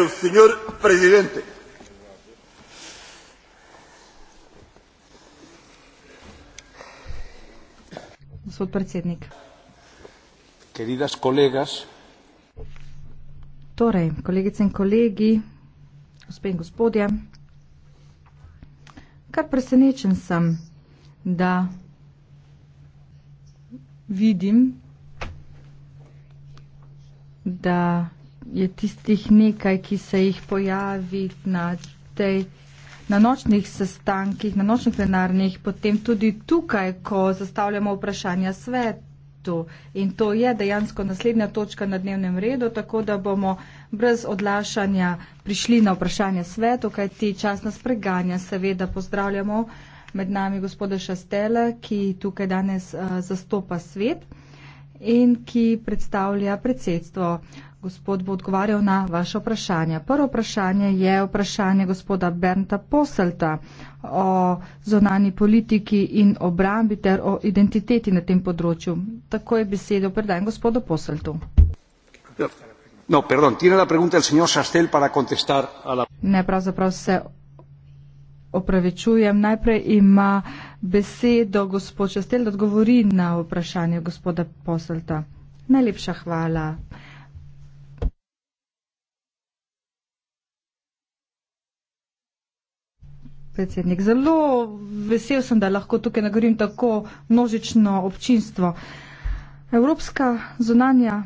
el señor presidente. Queridas colegas, torej, kolegice in kolegi, gospe in gospodje, kar presenečen sem, da vidim, da je tistih nekaj, ki se jih pojavi na, tej, na nočnih sestankih, na nočnih plenarnih, potem tudi tukaj, ko zastavljamo vprašanja svet. In to je dejansko naslednja točka na dnevnem redu, tako da bomo brez odlašanja prišli na vprašanje svetu, kaj ti čas nas preganja. Seveda pozdravljamo med nami gospoda Šastele, ki tukaj danes uh, zastopa svet in ki predstavlja predsedstvo gospod bo odgovarjal na vaše vprašanje. Prvo vprašanje je vprašanje gospoda Bernta Poselta o zonani politiki in obrambi ter o identiteti na tem področju. Tako je besedo predajem gospodu Poseltu. Ja. No, pardon, tiene la pregunta el señor Sastel para contestar a la... Ne, pravzaprav se opravičujem. Najprej ima besedo gospod Sastel, da odgovori na vprašanje gospoda Poselta. Najlepša hvala. Uh, predsednik. Zelo vesel sem, da lahko tukaj nagovorim tako množično občinstvo. Evropska zunanja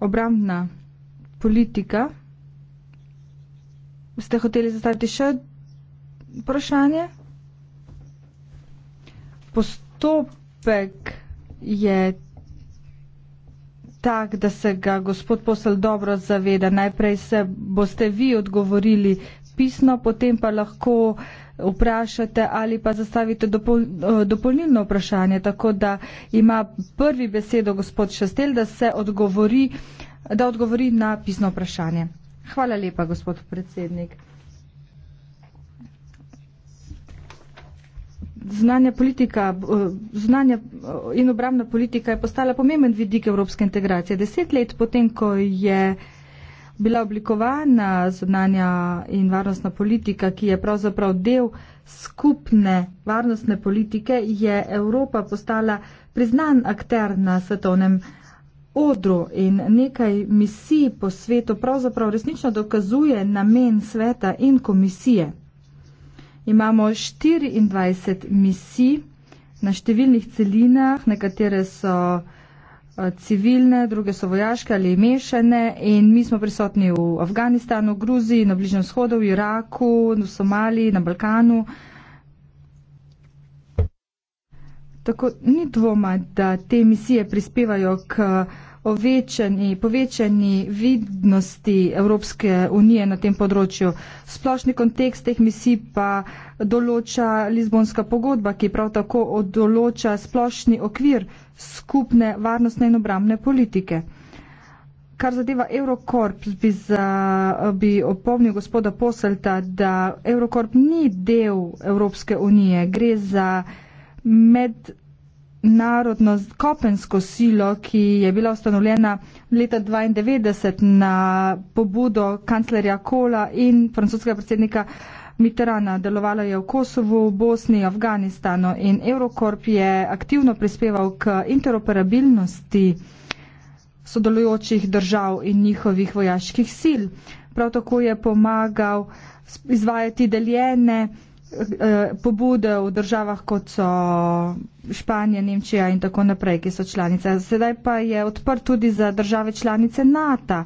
obrambna politika. Ste hoteli zastaviti še vprašanje? Postopek je tak, da se ga gospod posel dobro zaveda. Najprej se boste vi odgovorili pisno, potem pa lahko vprašate ali pa zastavite dopol, eh, dopolnilno vprašanje, tako da ima prvi besedo gospod Šestel, da se odgovori, da odgovori na pisno vprašanje. Hvala lepa, gospod predsednik. Znanja, politika, eh, znanja eh, in obramna politika je postala pomemben vidik evropske integracije. Deset let potem, ko je bila oblikovana zunanja in varnostna politika, ki je pravzaprav del skupne varnostne politike, je Evropa postala priznan akter na svetovnem odru in nekaj misij po svetu pravzaprav resnično dokazuje namen sveta in komisije. Imamo 24 misij na številnih celinah, nekatere so Eh, civilne, druge so vojaške ali mešane in mi smo prisotni v Afganistanu, Gruziji, na Bližnjem shodu, v Iraku, v Somaliji, na Balkanu. Tako ni dvoma, da te misije prispevajo k uh, povečani, povečani vidnosti Evropske unije na tem področju. Splošni kontekst teh misij pa določa Lizbonska pogodba, ki prav tako odoloča splošni okvir skupne varnostne in obramne politike. Kar zadeva Eurokorp, bi, za, bi opomnil gospoda Poselta, da Eurokorp ni del Evropske unije, gre za med narodno kopensko silo, ki je bila ustanovljena leta 92 na pobudo kanclerja Kola in francoskega predsednika Mitterana. Delovala je v Kosovu, Bosni, Afganistanu in Eurokorp je aktivno prispeval k interoperabilnosti sodelujočih držav in njihovih vojaških sil. Prav tako je pomagal izvajati deljene Eh, pobude v državah, kot so Španija, Nemčija in tako naprej, ki so članice. Sedaj pa je odprt tudi za države članice NATO,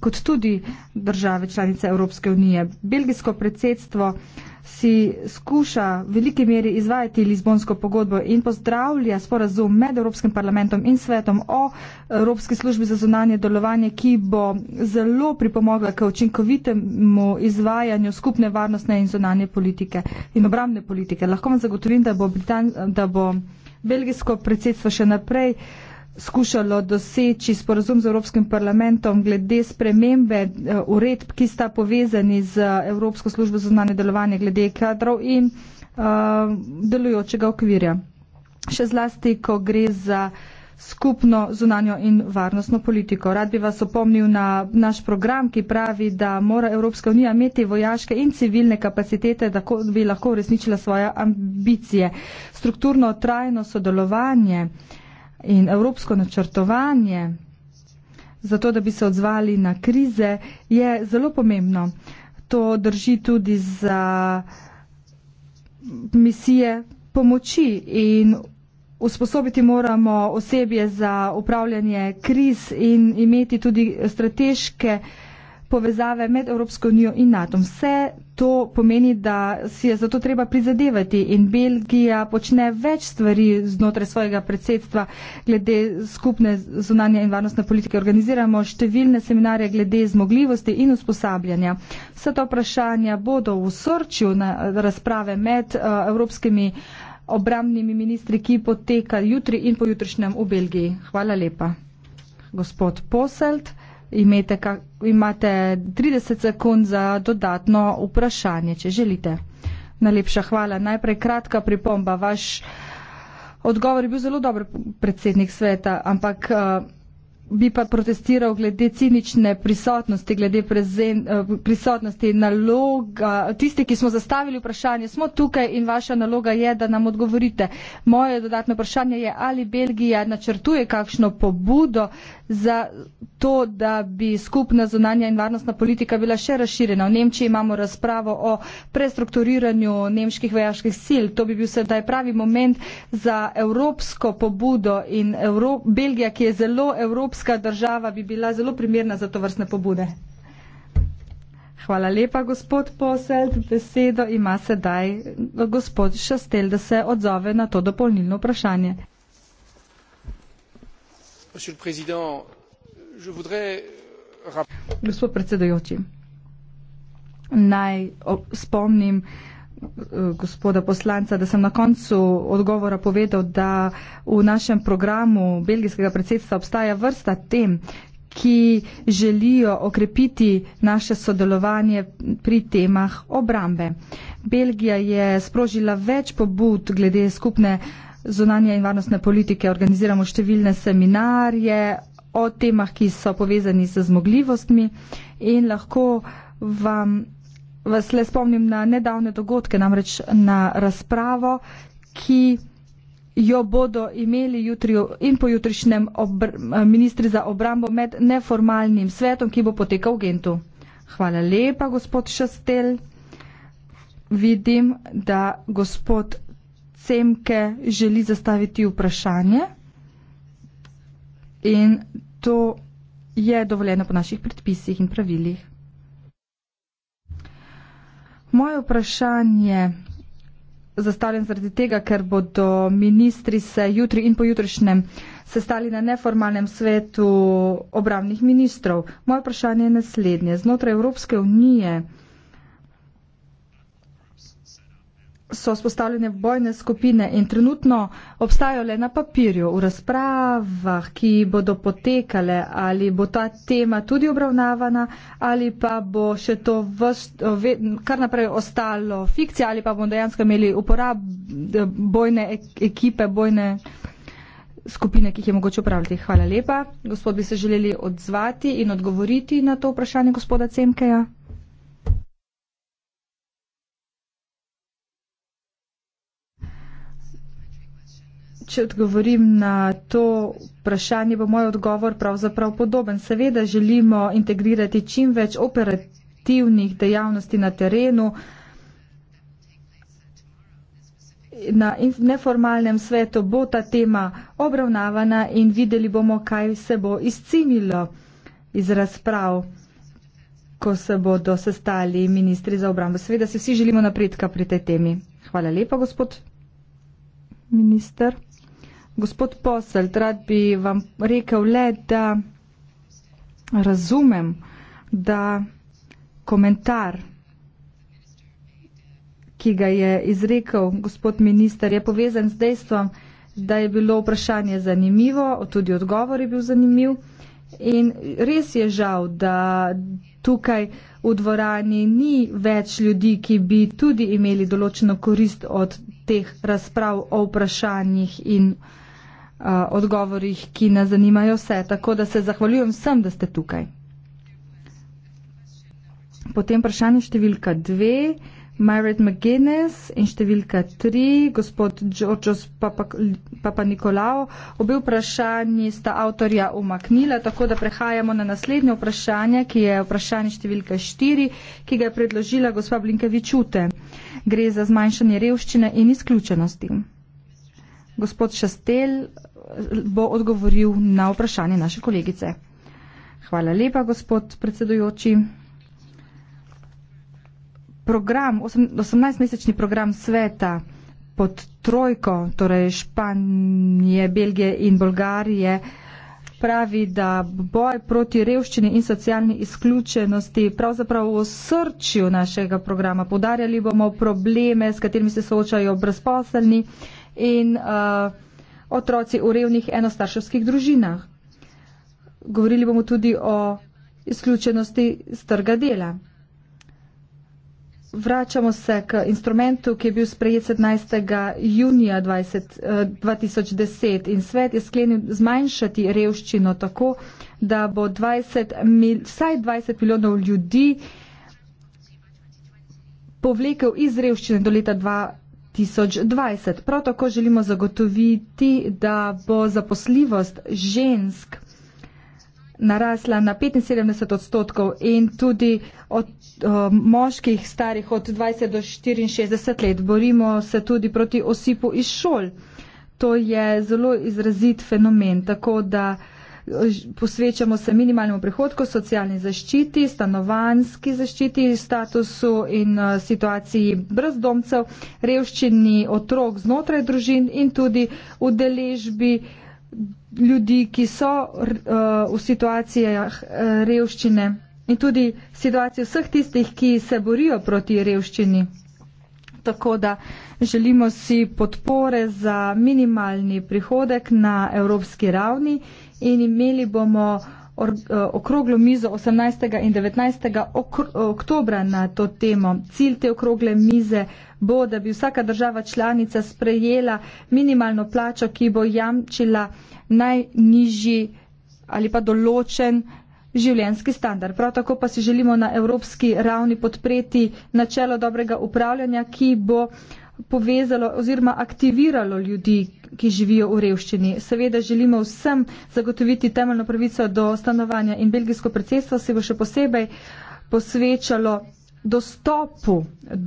kot tudi države članice Evropske unije. Belgijsko predsedstvo uh, si skuša v veliki meri izvajati Lizbonsko pogodbo in pozdravlja sporazum med Evropskim parlamentom in svetom o Evropski službi za zunanje delovanje, ki bo zelo pripomogla k učinkovitemu izvajanju skupne varnostne in zunanje politike in obramne politike. Lahko vam zagotovim, da bo, Britan, da bo belgijsko predsedstvo še naprej. Uh, skušalo doseči sporazum z Evropskim parlamentom glede spremembe eh, uredb, ki sta povezani z Evropsko službo za znanje delovanje glede kadrov in uh, delujočega okvirja. Še zlasti, ko gre za skupno zunanjo in varnostno politiko. Rad bi vas opomnil na naš program, ki pravi, da mora Evropska unija imeti vojaške in civilne kapacitete, da bi lahko uresničila svoje ambicije. Strukturno trajno sodelovanje uh, in evropsko načrtovanje, zato da bi se odzvali na krize, je zelo pomembno. To drži tudi za misije pomoči in usposobiti moramo osebje za upravljanje kriz in imeti tudi strateške povezave med Evropsko unijo in NATO. Vse to pomeni, da si je zato treba prizadevati in Belgija počne več stvari znotraj svojega predsedstva glede skupne zunanje in varnostne politike. Organiziramo številne seminarje glede zmogljivosti in usposabljanja. Vse to vprašanja bodo v sorčju na razprave med eh, evropskimi obramnimi ministri, ki poteka jutri in pojutrišnjem v Belgiji. Hvala lepa. Gospod Poselt imate, imate 30 sekund za dodatno vprašanje, če želite. Najlepša hvala. Najprej kratka pripomba. Vaš odgovor je bil zelo dober predsednik sveta, ampak. Uh, bi pa protestiral glede cinične prisotnosti, glede prezen, eh, prisotnosti naloga. Tisti, ki smo zastavili vprašanje, smo tukaj in vaša naloga je, da nam odgovorite. Moje dodatno vprašanje je, ali Belgija načrtuje kakšno pobudo za to, da bi skupna zunanja in varnostna politika bila še razširjena. V Nemčiji imamo razpravo o prestrukturiranju nemških vojaških sil. To bi bil sedaj pravi moment za evropsko pobudo in Evrop Belgija, ki je zelo evropska, evropska država bi bila zelo primerna za to vrstne pobude. Hvala lepa, gospod Poselt. Besedo ima sedaj eh, gospod Šastel, da se odzove na to dopolnilno vprašanje. Gospod predsedujoči, naj spomnim, gospoda poslanca, da sem na koncu odgovora povedal, da v našem programu belgijskega predsedstva obstaja vrsta tem, ki želijo okrepiti naše sodelovanje pri temah obrambe. Belgija je sprožila več pobud glede skupne zunanje in varnostne politike. Organiziramo številne seminarje o temah, ki so povezani z zmogljivostmi in lahko vam vas le spomnim na nedavne dogodke, namreč na razpravo, ki jo bodo imeli jutri in pojutrišnjem obr, ministri za obrambo med neformalnim svetom, ki bo potekal v Gentu. Hvala lepa, gospod Šastel. Vidim, da gospod Cemke želi zastaviti vprašanje in to je dovoljeno po naših predpisih in pravilih. Moje vprašanje zastavljam zaradi tega, ker bodo ministri se jutri in pojutrišnjem sestali na neformalnem svetu obramnih ministrov. Moje vprašanje je naslednje. Znotraj Evropske unije so spostavljene bojne skupine in trenutno obstajajo le na papirju, v razpravah, ki bodo potekale, ali bo ta tema tudi obravnavana, ali pa bo še to vš, kar naprej ostalo fikcija, ali pa bomo dejansko imeli uporab e, bojne ekipe, bojne skupine, ki jih je mogoče upravljati. Hvala lepa. Gospod bi se želeli odzvati in odgovoriti na to vprašanje gospoda Cemkeja. če odgovorim na to vprašanje, bo moj odgovor pravzaprav podoben. Seveda želimo integrirati čim več operativnih dejavnosti na terenu, Na neformalnem svetu bo ta tema obravnavana in videli bomo, kaj se bo izcimilo iz razprav, ko se bodo sestali ministri za obrambo. Seveda se vsi želimo napredka pri tej temi. Hvala lepa, gospod minister. Gospod Poselt, rad bi vam rekel le, da razumem, da komentar, ki ga je izrekel gospod minister, je povezan z dejstvom, da je bilo vprašanje zanimivo, tudi odgovor je bil zanimiv. In res je žal, da tukaj v dvorani ni več ljudi, ki bi tudi imeli določeno korist od teh razprav o vprašanjih in vprašanjih odgovorih, ki nas zanimajo vse. Tako da se zahvaljujem vsem, da ste tukaj. Potem vprašanje številka dve, Myred McGuinness in številka tri, gospod Džočos Papa Nikolao. Obe vprašanji sta avtorja umaknila, tako da prehajamo na naslednje vprašanje, ki je vprašanje številka štiri, ki ga je predložila gospa Blinkevičute. Gre za zmanjšanje revščine in izključenosti. Gospod Šastel eh, bo odgovoril na vprašanje naše kolegice. Hvala lepa, gospod predsedujoči. Program, 18-mesečni program sveta pod trojko, torej Španije, Belgije in Bolgarije, pravi, da boj proti revščini in socialni izključenosti pravzaprav v srčju našega programa. Podarjali bomo probleme, s katerimi se soočajo brezposelni in uh, otroci v revnih enostarševskih družinah. Govorili bomo tudi o izključenosti z trga dela. Vračamo se k instrumentu, ki je bil sprejet 17. junija 20, 2010 eh, in svet je sklenil zmanjšati revščino tako, da bo 20 mil, vsaj 20 milijonov ljudi povlekel iz revščine do leta 2020. 2020. Prav tako želimo zagotoviti, da bo zaposljivost žensk narasla na 75 odstotkov in tudi od o, eh, moških starih od 20 do 64 let. Borimo se tudi proti osipu iz šol. To je zelo izrazit fenomen. Tako da posvečamo se minimalnemu prihodku, socialni zaščiti, stanovanski zaščiti, statusu in eh, situaciji brezdomcev, revščini otrok znotraj družin in tudi udeležbi ljudi, ki so eh, v situacijah eh, revščine in tudi situacijo vseh tistih, ki se borijo proti revščini tako da želimo si podpore za minimalni prihodek na evropski ravni in imeli bomo eh, okroglo mizo 18. in 19. oktobra na to temo. Cilj te okrogle mize bo, da bi vsaka država članica sprejela minimalno plačo, ki bo jamčila najnižji ali pa določen življenski standard. Prav tako pa si želimo na evropski ravni podpreti načelo dobrega upravljanja, ki bo povezalo oziroma aktiviralo ljudi, ki živijo v revščini. Seveda želimo vsem zagotoviti temeljno pravico do stanovanja in belgijsko predsedstvo se bo še posebej posvečalo dostopu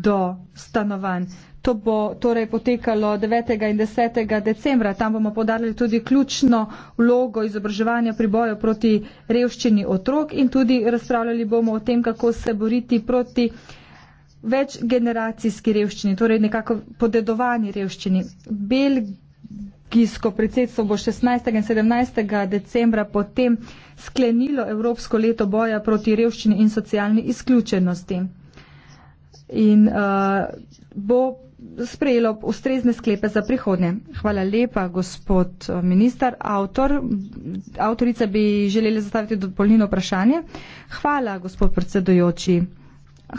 do stanovanj. To bo torej potekalo 9. in 10. decembra. Tam bomo podarili tudi ključno vlogo izobraževanja pri boju proti revščini otrok in tudi razpravljali bomo o tem, kako se boriti proti večgeneracijski revščini, torej nekako podedovani revščini. Belgijsko predsedstvo bo 16. in 17. decembra potem sklenilo Evropsko leto boja proti revščini in socialni izključenosti. In uh, bo sprejelo ustrezne sklepe za prihodnje. Hvala lepa, gospod eh, minister. Autor, avtorica bi želeli zastaviti dopolnilno vprašanje. Hvala, gospod predsedujoči.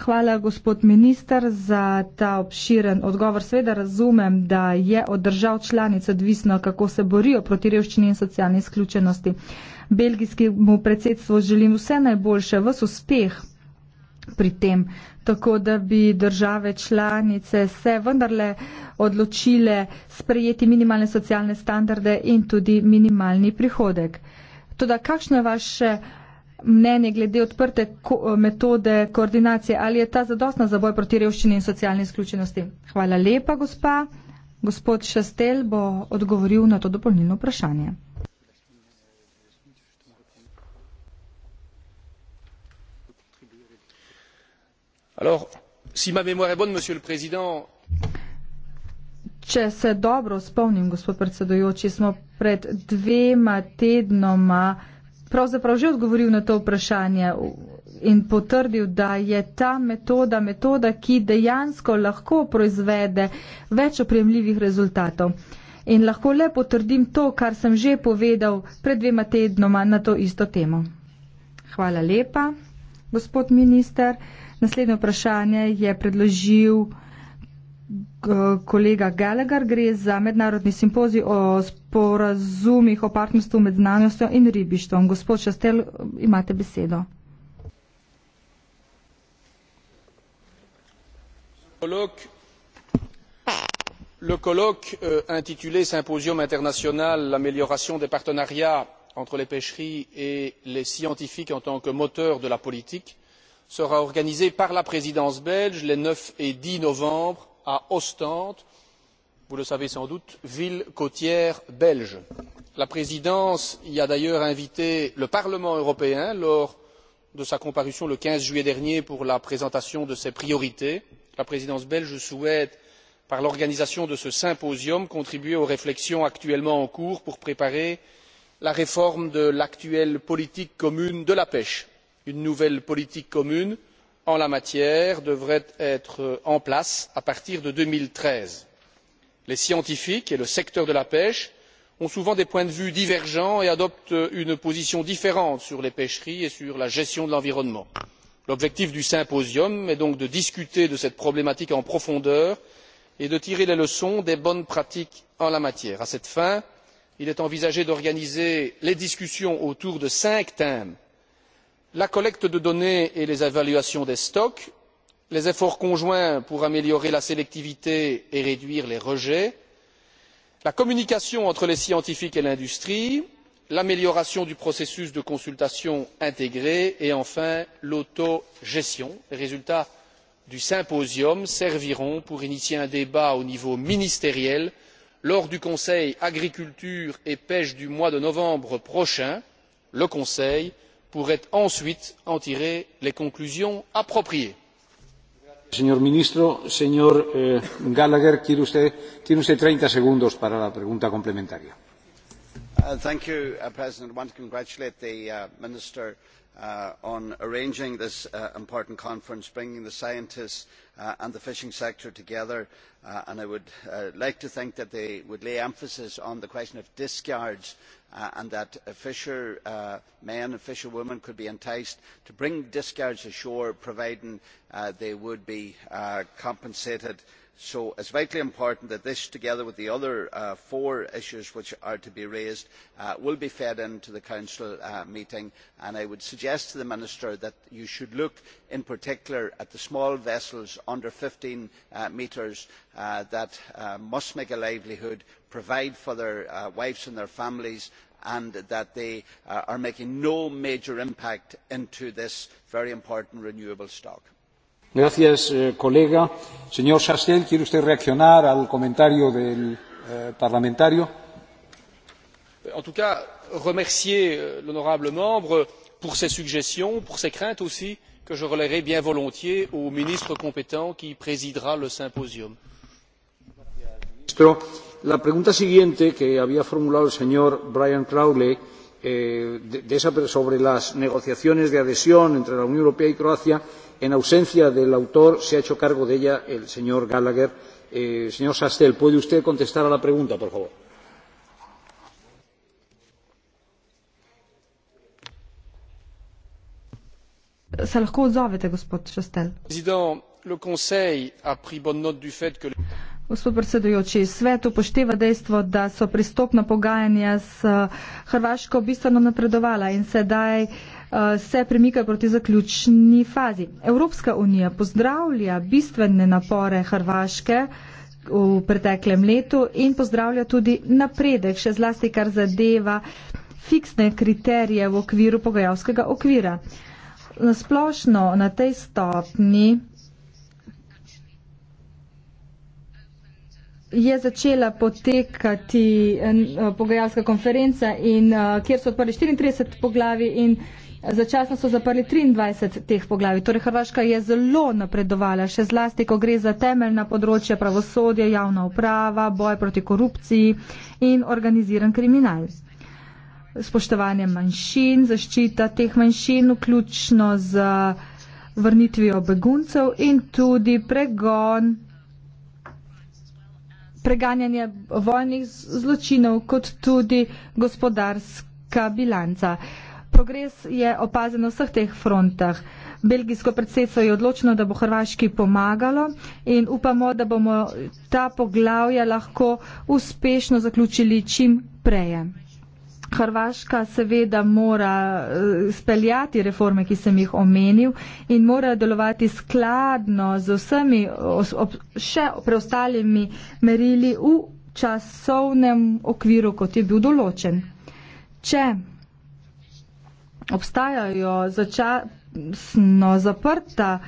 Hvala, gospod minister, za ta obširen odgovor. Sveda razumem, da je od držav članic odvisno, kako se borijo proti revščini in socialni izključenosti. Belgijskemu predsedstvu želim vse najboljše, vse uspeh pri tem tako da bi države članice se vendarle odločile sprejeti minimalne socialne standarde in tudi minimalni prihodek. Toda kakšno je vaše mnenje glede odprte ko metode koordinacije? Ali je ta zadostna za boj proti revščini in socialni izključenosti? Hvala lepa, gospa. Gospod Šastel bo odgovoril na to dopolnilno vprašanje. si ma mémoire est bonne monsieur le président Če se dobro spomnim, gospod predsedujoči, smo pred dvema tednoma pravzaprav že odgovoril na to vprašanje in potrdil, da je ta metoda metoda, ki dejansko lahko proizvede več opremljivih rezultatov. In lahko le potrdim to, kar sem že povedal pred dvema tednoma na to isto temo. Hvala lepa, gospod minister. Naslednje vprašanje je predložil eh, kolega Gallagher. Gre za mednarodni simpozij o sporazumih o partnerstvu med znanostjo in ribištvom. Gospod Šastel, imate besedo. Le colloque euh, intitulé Symposium international l'amélioration des partenariats entre les pêcheries et les scientifiques en tant que moteur de la politique sera organisé par la présidence belge les neuf et dix novembre à ostende vous le savez sans doute ville côtière belge. la présidence y a d'ailleurs invité le parlement européen lors de sa comparution le quinze juillet dernier pour la présentation de ses priorités. la présidence belge souhaite par l'organisation de ce symposium contribuer aux réflexions actuellement en cours pour préparer la réforme de l'actuelle politique commune de la pêche une nouvelle politique commune en la matière devrait être en place à partir de. deux mille treize les scientifiques et le secteur de la pêche ont souvent des points de vue divergents et adoptent une position différente sur les pêcheries et sur la gestion de l'environnement. l'objectif du symposium est donc de discuter de cette problématique en profondeur et de tirer les leçons des bonnes pratiques en la matière. à cette fin il est envisagé d'organiser les discussions autour de cinq thèmes la collecte de données et les évaluations des stocks les efforts conjoints pour améliorer la sélectivité et réduire les rejets la communication entre les scientifiques et l'industrie l'amélioration du processus de consultation intégrée et enfin l'autogestion. les résultats du symposium serviront pour initier un débat au niveau ministériel lors du conseil agriculture et pêche du mois de novembre prochain le conseil pourrait ensuite en tirer les conclusions appropriées. señor ministro señor eh, gallagher tiene usted treinta segundos para la pregunta complementaria. señor uh, uh, presidente quiero congratular al uh, ministro por arranging this important conference bringing the scientists and the fishing sector together and i would like to think that they would lay emphasis on the question of discards Uh, and that fishermen uh, and fisherwomen could be enticed to bring discards ashore providing uh, they would be compensated for so it is vitally important that this together with the other uh, four issues which are to be raised uh, will be fed into the council uh, meeting and i would suggest to the minister that you should look in particular at the small vessels under fifteen metres that must make a livelihood provide for their wives and their families and that they are making no major impact into this very important renewable stock. Eh, señor chastel quiere usted reaccionar al comentario del eh, parlamentario? en tout cas remercier euh, l'honorable membre pour ses suggestions pour ses craintes aussi que je relaierai bien volontiers au ministre compétent qui présidera le symposium. la pregunta siguiente que había formulado el señor brian crowley eh, sobre las negociaciones de adhesión entre la unión europea y croacia en ausencia del autor se ha hecho cargo de ella el señor gallagher. Eh, señor chastel puede usted contestar a la pregunta por favor? gospod predsedujoči svet upošteva dejstvo da so pristopna pogajanja s eh, hrvaško bistveno napredovala in sedaj uh, Eh, se premika proti zaključni fazi. Evropska unija pozdravlja bistvene napore Hrvaške v preteklem letu in pozdravlja tudi napredek, še zlasti kar zadeva fiksne kriterije v okviru pogajalskega okvira. Na splošno na tej stopni je začela potekati eh, eh, pogajalska konferenca, in, kjer so odprli 34 poglavi in Začasno so zaprli 23 teh poglavi. Torej, Hrvaška je zelo napredovala, še zlasti, ko gre za temeljna področja pravosodja, javna uprava, boj proti korupciji in organiziran kriminal. Spoštovanje manjšin, zaščita teh manjšin, vključno z vrnitvijo beguncev in tudi pregon, preganjanje vojnih zločinov, kot tudi gospodarska bilanca. Uh, progres je opazen na vseh teh frontah. Belgijsko predsedstvo je odločeno, da bo Hrvaški pomagalo in upamo, da bomo ta poglavja lahko uspešno zaključili čim preje. Hrvaška seveda mora eh, speljati reforme, ki sem jih omenil in mora delovati skladno z vsemi še preostalimi merili v časovnem okviru, kot je bil določen. Če obstajajo začasno zaprta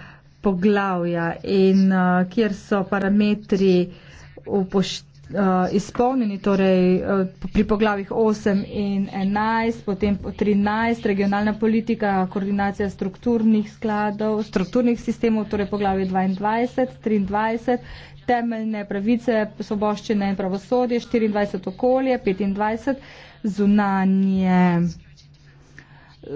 poglavja in uh, kjer so parametri upošteni. Uh, izpolnjeni torej uh, pri poglavih 8 in 11, potem 13, regionalna politika, koordinacija strukturnih skladov, strukturnih sistemov, torej poglavi 22, 23, temeljne pravice, soboščine in pravosodje, 24 okolje, 25 zunanje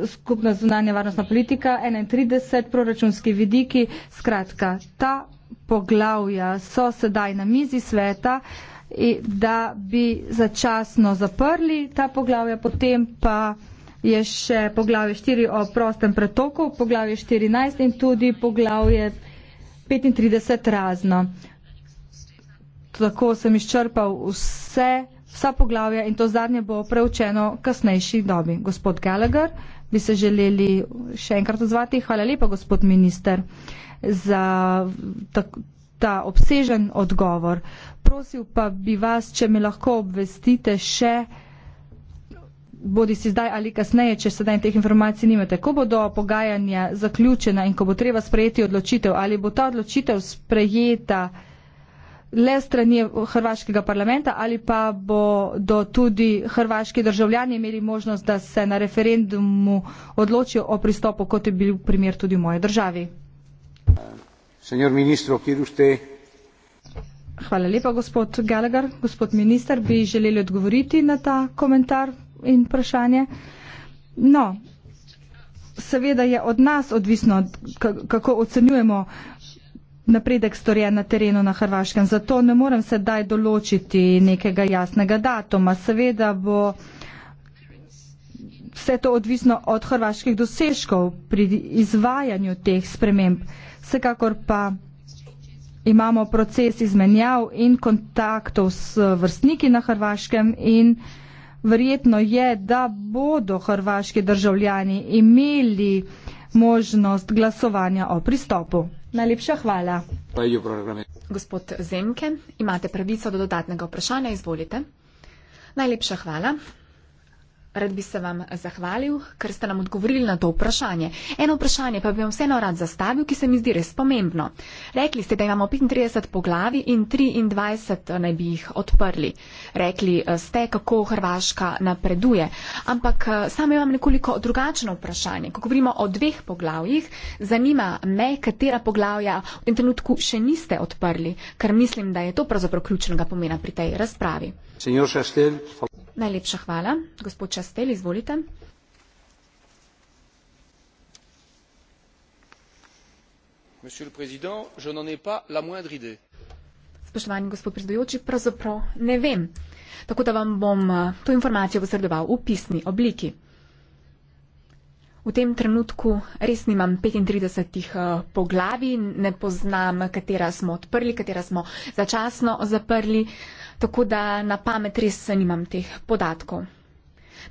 skupna zunanja varnostna politika, 31 proračunski vidiki, skratka, ta poglavja so sedaj na mizi sveta, da bi začasno zaprli ta poglavja, potem pa je še poglavje 4 o prostem pretoku, poglavje 14 in tudi poglavje 35 razno. Tako sem izčrpal vse, vsa poglavja in to zadnje bo preučeno kasnejši dobi. Gospod Gallagher bi se želeli še enkrat odzvati. Hvala lepa, gospod minister, za ta, ta obsežen odgovor. Prosil pa bi vas, če mi lahko obvestite še, bodi si zdaj ali kasneje, če sedaj teh informacij nimate, ko bodo pogajanja zaključena in ko bo treba sprejeti odločitev, ali bo ta odločitev sprejeta le strani hrvaškega parlamenta ali pa bodo tudi hrvaški državljani imeli možnost, da se na referendumu odločijo o pristopu, kot je bil primer tudi v moji državi. Hvala lepa, gospod Gallagher. Gospod minister, bi želeli odgovoriti na ta komentar in vprašanje? No, seveda je od nas odvisno, kako ocenjujemo napredek storjen na terenu na Hrvaškem. Zato ne morem sedaj določiti nekega jasnega datuma. Seveda bo vse to odvisno od hrvaških dosežkov pri izvajanju teh sprememb. Vsekakor pa imamo proces izmenjav in kontaktov s vrstniki na Hrvaškem in verjetno je, da bodo hrvaški državljani imeli možnost glasovanja o pristopu. Najlepša hvala. Gospod Zemke, imate pravico do dodatnega vprašanja, izvolite. Najlepša hvala. Rad bi se vam zahvalil, ker ste nam odgovorili na to vprašanje. Eno vprašanje pa bi vam vseeno rad zastavil, ki se mi zdi res pomembno. Rekli ste, da imamo 35 poglavi in 23 eh, naj bi jih odprli. Rekli eh, ste, kako Hrvaška napreduje. Ampak eh, samo imam nekoliko drugačno vprašanje. Ko govorimo o dveh poglavjih, zanima me, katera poglavja v tem trenutku še niste odprli, ker mislim, da je to pravzaprav ključnega pomena pri tej razpravi. Najlepša hvala. Gospod Častel, izvolite. Spoštovani gospod predsedujoči, pravzaprav ne vem. Tako da vam bom eh, to informacijo posredoval v pisni obliki. V tem trenutku res nimam 35 eh, poglavij, ne poznam, katera smo odprli, katera smo začasno zaprli tako da na pamet res nimam teh podatkov.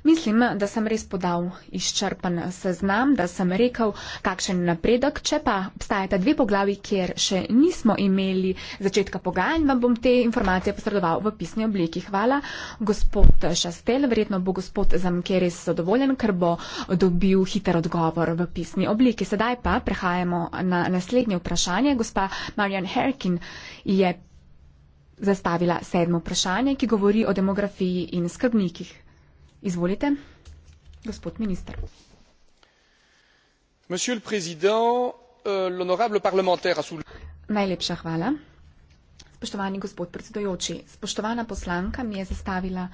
Mislim, da sem res podal izčrpen seznam, da sem rekel, kakšen napredek, če pa obstajata dve poglavi, kjer še nismo imeli začetka pogajanj, vam bom te informacije posredoval v pisni obliki. Hvala, gospod Šastel, verjetno bo gospod Zamkeres zadovoljen, ker bo dobil hiter odgovor v pisni obliki. Sedaj pa prehajamo na naslednje vprašanje. Gospa Marian Herkin je zastavila sedmo vprašanje, ki govori o demografiji in skrbnikih. Izvolite, gospod minister. Euh, Najlepša hvala. Spoštovani gospod predsedojoči, spoštovana poslanka mi je zastavila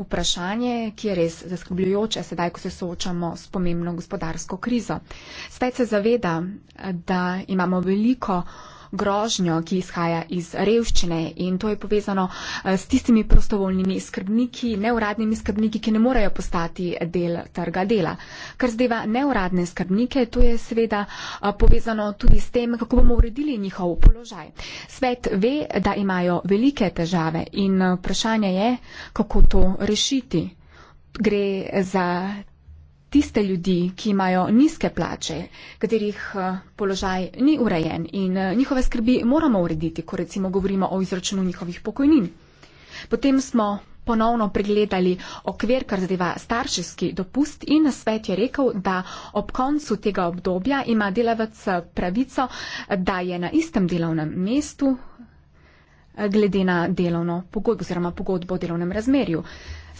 vprašanje, ki je res zaskrbljujoče sedaj, ko se soočamo s pomembno gospodarsko krizo. Svet se zaveda, da imamo veliko grožnjo, ki izhaja iz revščine in to je povezano eh, s tistimi prostovoljnimi skrbniki, neuradnimi skrbniki, ki ne morejo postati del trga dela. Kar zdeva neuradne skrbnike, to je seveda eh, povezano tudi s tem, kako bomo uredili njihov položaj. Svet ve, da imajo velike težave in eh, vprašanje je, kako to rešiti. Gre za tiste ljudi, ki imajo nizke plače, katerih eh, položaj ni urejen in eh, njihove skrbi moramo urediti, ko recimo govorimo o izračunu njihovih pokojnin. Potem smo ponovno pregledali okvir, kar zadeva starševski dopust in na svet je rekel, da ob koncu tega obdobja ima delavec eh, pravico, da je na istem delovnem mestu glede na delovno pogodbo oziroma pogodbo o delovnem razmerju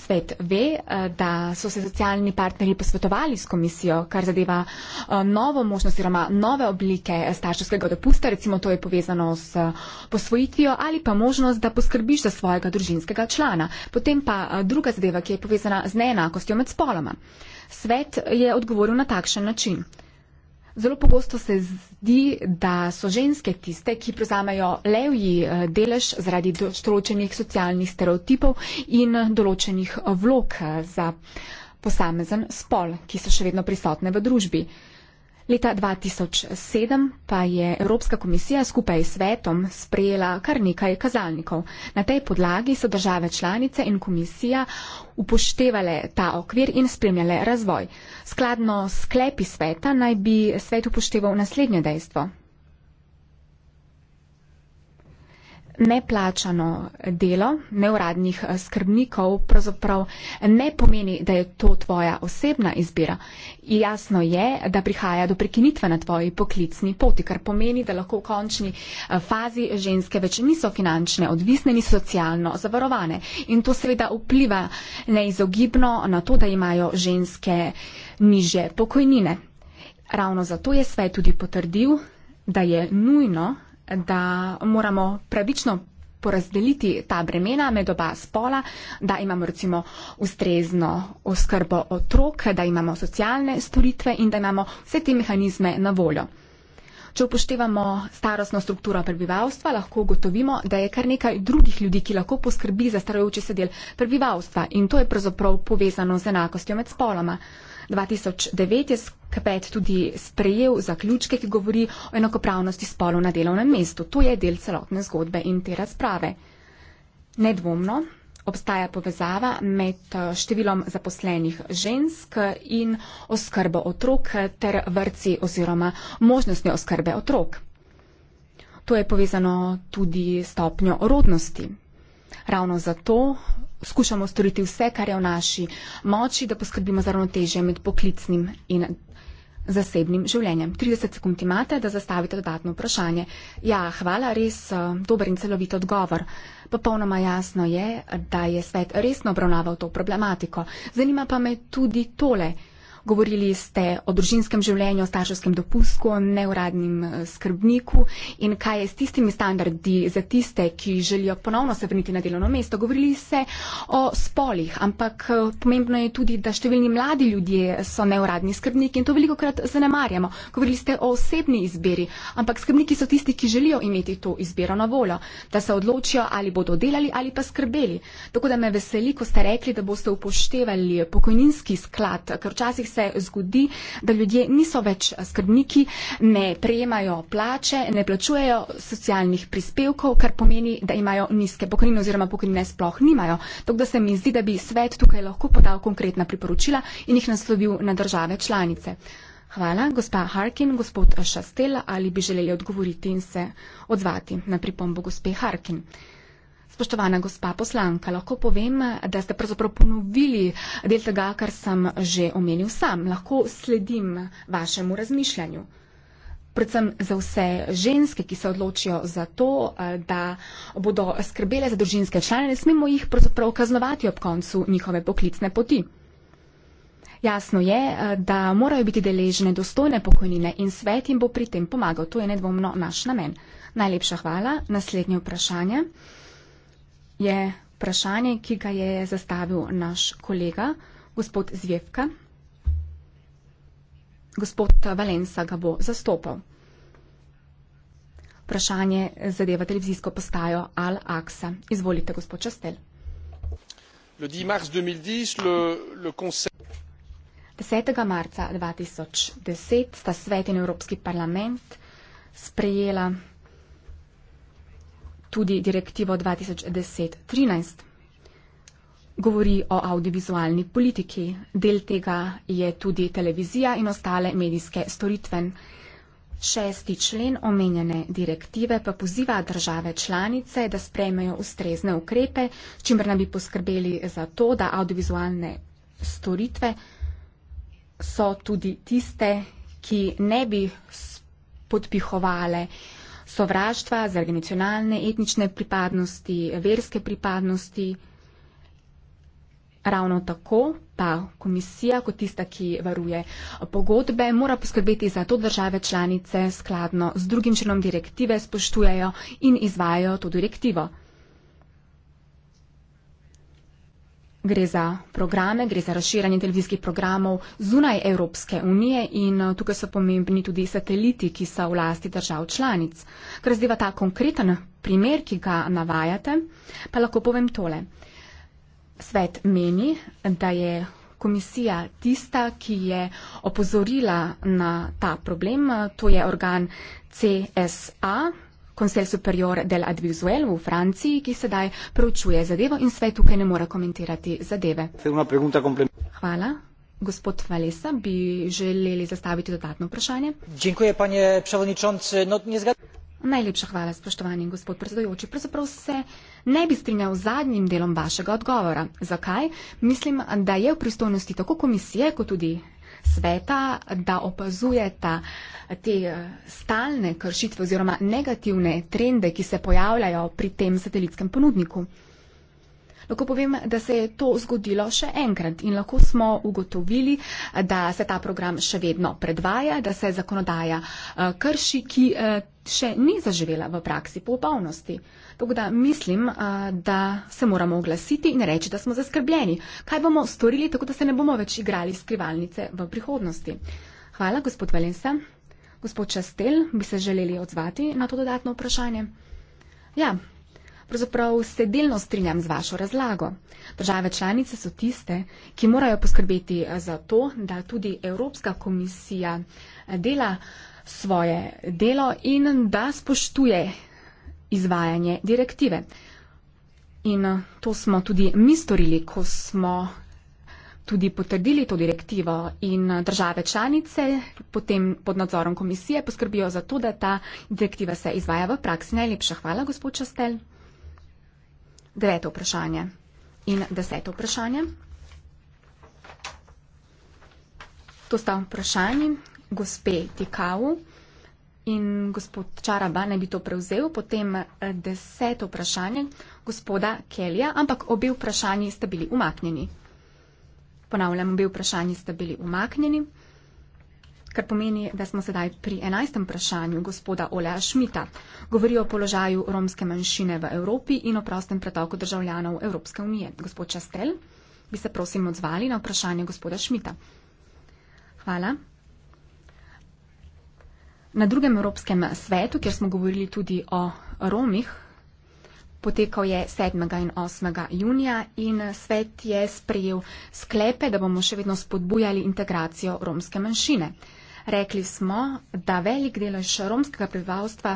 svet ve, eh, da so se socialni partnerji posvetovali s komisijo, kar zadeva eh, novo možnost oziroma nove oblike eh, starševskega dopusta, recimo to je povezano s posvojitvijo ali pa možnost, da poskrbiš za svojega družinskega člana. Potem pa druga zadeva, ki je povezana z neenakostjo med spoloma. Svet je odgovoril na takšen način. Zelo pogosto se zdi, da so ženske tiste, ki prevzamejo levji eh, delež zaradi določenih socialnih stereotipov in določenih vlog eh, za posamezen spol, ki so še vedno prisotne v družbi. Leta 2007 pa je Evropska komisija skupaj s svetom sprejela kar nekaj kazalnikov. Na tej podlagi so države članice in komisija upoštevale ta okvir in spremljale razvoj. Skladno sklepi sveta naj bi svet upošteval naslednje dejstvo. neplačano delo neuradnih eh, skrbnikov pravzaprav ne pomeni, da je to tvoja osebna izbira. Jasno je, da prihaja do prekinitve na tvoji poklicni poti, kar pomeni, da lahko v končni eh, fazi ženske več niso finančne, odvisne, niso socialno zavarovane. In to seveda vpliva neizogibno na to, da imajo ženske niže pokojnine. Ravno zato je svet tudi potrdil, da je nujno, da moramo pravično porazdeliti ta bremena med oba spola, da imamo recimo ustrezno oskrbo otrok, da imamo socialne storitve in da imamo vse te mehanizme na voljo. Če upoštevamo starostno strukturo prebivalstva, lahko ugotovimo, da je kar nekaj drugih ljudi, ki lahko poskrbi za starajoči se del prebivalstva in to je pravzaprav povezano z enakostjo med spoloma. 2009 je KPET tudi sprejel zaključke, ki govori o enakopravnosti spolov na delovnem mestu. To je del celotne zgodbe in te razprave. Nedvomno obstaja povezava med eh, številom zaposlenih žensk in oskrbo otrok ter vrci oziroma možnostjo oskrbe otrok. To je povezano tudi stopnjo rodnosti. Ravno zato skušamo storiti vse, kar je v naši moči, da poskrbimo za ravnotežje med poklicnim in zasebnim življenjem. 30 sekund imate, da zastavite dodatno vprašanje. Ja, hvala, res eh, dober in celovit odgovor. Popolnoma jasno je, da je svet resno obravnaval to problematiko. Zanima pa me tudi tole. Govorili ste o družinskem življenju, o starševskem dopustu, o neuradnem eh, skrbniku in kaj je s tistimi standardi za tiste, ki želijo ponovno se vrniti na delovno mesto. Govorili ste o spolih, ampak eh, pomembno je tudi, da številni mladi ljudje so neuradni skrbniki in to veliko krat zanemarjamo. Govorili ste o osebni izbiri, ampak skrbniki so tisti, ki želijo imeti to izbiro na voljo, da se odločijo ali bodo delali ali pa skrbeli. Tako da me veseli, ko ste rekli, da boste upoštevali pokojninski sklad, ker včasih se zgodi, da ljudje niso več skrbniki, ne prejemajo plače, ne plačujejo socialnih prispevkov, kar pomeni, da imajo nizke pokojnine oziroma pokojnine sploh nimajo. Tako da se mi zdi, da bi svet tukaj lahko podal konkretna priporočila in jih naslovil na države članice. Hvala, gospa Harkin, gospod Šastela, ali bi želeli odgovoriti in se odzvati na pripombo gospe Harkin. Spoštovana gospa poslanka, lahko povem, da ste pravzaprav ponovili del tega, kar sem že omenil sam. Lahko sledim vašemu razmišljanju. Predvsem za vse ženske, ki se odločijo za to, da bodo skrbele za družinske člane, ne smemo jih pravzaprav kaznovati ob koncu njihove poklicne poti. Jasno je, da morajo biti deležne dostojne pokojnine in svet jim bo pri tem pomagal. To je nedvomno naš namen. Najlepša hvala. Naslednje vprašanje je vprašanje, ki ga je zastavil naš kolega, gospod Zvevka. Gospod Valensa ga bo zastopal. Vprašanje zadeva televizijsko postajo Al Aksa. Izvolite, gospod Častel. 10. marca 2010 sta svet in Evropski parlament sprejela tudi direktivo 2010-13. Govori o audiovizualni politiki. Del tega je tudi televizija in ostale medijske storitve. Šesti člen omenjene direktive pa poziva države članice, da sprejmejo ustrezne ukrepe, čimer naj bi poskrbeli za to, da audiovizualne storitve so tudi tiste, ki ne bi podpihovale uh, sovraštva, zaradi nacionalne, etnične pripadnosti, verske pripadnosti. Ravno tako pa komisija, kot tista, ki varuje pogodbe, mora poskrbeti za to države članice skladno z drugim členom direktive spoštujejo in izvajo to direktivo. Gre za programe, gre za razširanje televizijskih programov zunaj Evropske unije in eh, tukaj so pomembni tudi sateliti, ki so v lasti držav članic. Ker zdaj ta konkreten primer, ki ga navajate, pa lahko povem tole. Svet meni, da je komisija tista, ki je opozorila na ta problem, eh, to je organ CSA, Konsel Superior del Advisuel v Franciji, ki sedaj preučuje zadevo in svet tukaj ne more komentirati zadeve. Hvala. Gospod Valesa, bi želeli zastaviti dodatno vprašanje? Dziękuję, panie przewodniczący. No, nie zgad... Najlepša hvala, spoštovani gospod predsedujoči. Pravzaprav se ne bi strinjal z zadnjim delom vašega odgovora. Zakaj? Mislim, da je v pristojnosti tako komisije, kot tudi sveta, da opazujeta te eh, stalne kršitve oziroma negativne trende, ki se pojavljajo pri tem satelitskem ponudniku. Lahko povem, da se je to zgodilo še enkrat in lahko smo ugotovili, da se ta program še vedno predvaja, da se zakonodaja eh, krši, ki eh, še ni zaživela v praksi popolnosti. Tako da mislim, eh, da se moramo oglasiti in reči, da smo zaskrbljeni. Kaj bomo storili, tako da se ne bomo več igrali skrivalnice v prihodnosti? Hvala, gospod Valensa. Gospod Častel, bi se želeli odzvati na to dodatno vprašanje? Ja, pravzaprav se delno strinjam z vašo razlago. Države članice so tiste, ki morajo poskrbeti eh, za to, da tudi Evropska komisija eh, dela svoje delo in da spoštuje izvajanje direktive. In eh, to smo tudi mi storili, ko smo tudi potrdili to direktivo in države članice potem pod nadzorom komisije poskrbijo za to, da ta direktiva se izvaja v praksi. Najlepša hvala, gospod Častel deveto vprašanje in deseto vprašanje. To sta vprašanji gospe Tikau in gospod Čaraba naj bi to prevzel, potem eh, deseto vprašanje gospoda Kelja, ampak obi vprašanji sta bili umaknjeni. Ponavljam, obi vprašanji sta bili umaknjeni kar pomeni, da smo sedaj pri enajstem vprašanju gospoda Olea Šmita. Govori o položaju romske manjšine v Evropi in o prostem pretoku državljanov Evropske unije. Gospod Častel, bi se prosim odzvali na vprašanje gospoda Šmita. Hvala. Na drugem Evropskem svetu, kjer smo govorili tudi o Romih, potekal je 7. in 8. junija in svet je sprejel sklepe, da bomo še vedno spodbujali integracijo romske manjšine. Rekli smo, da velik delež romskega prebivalstva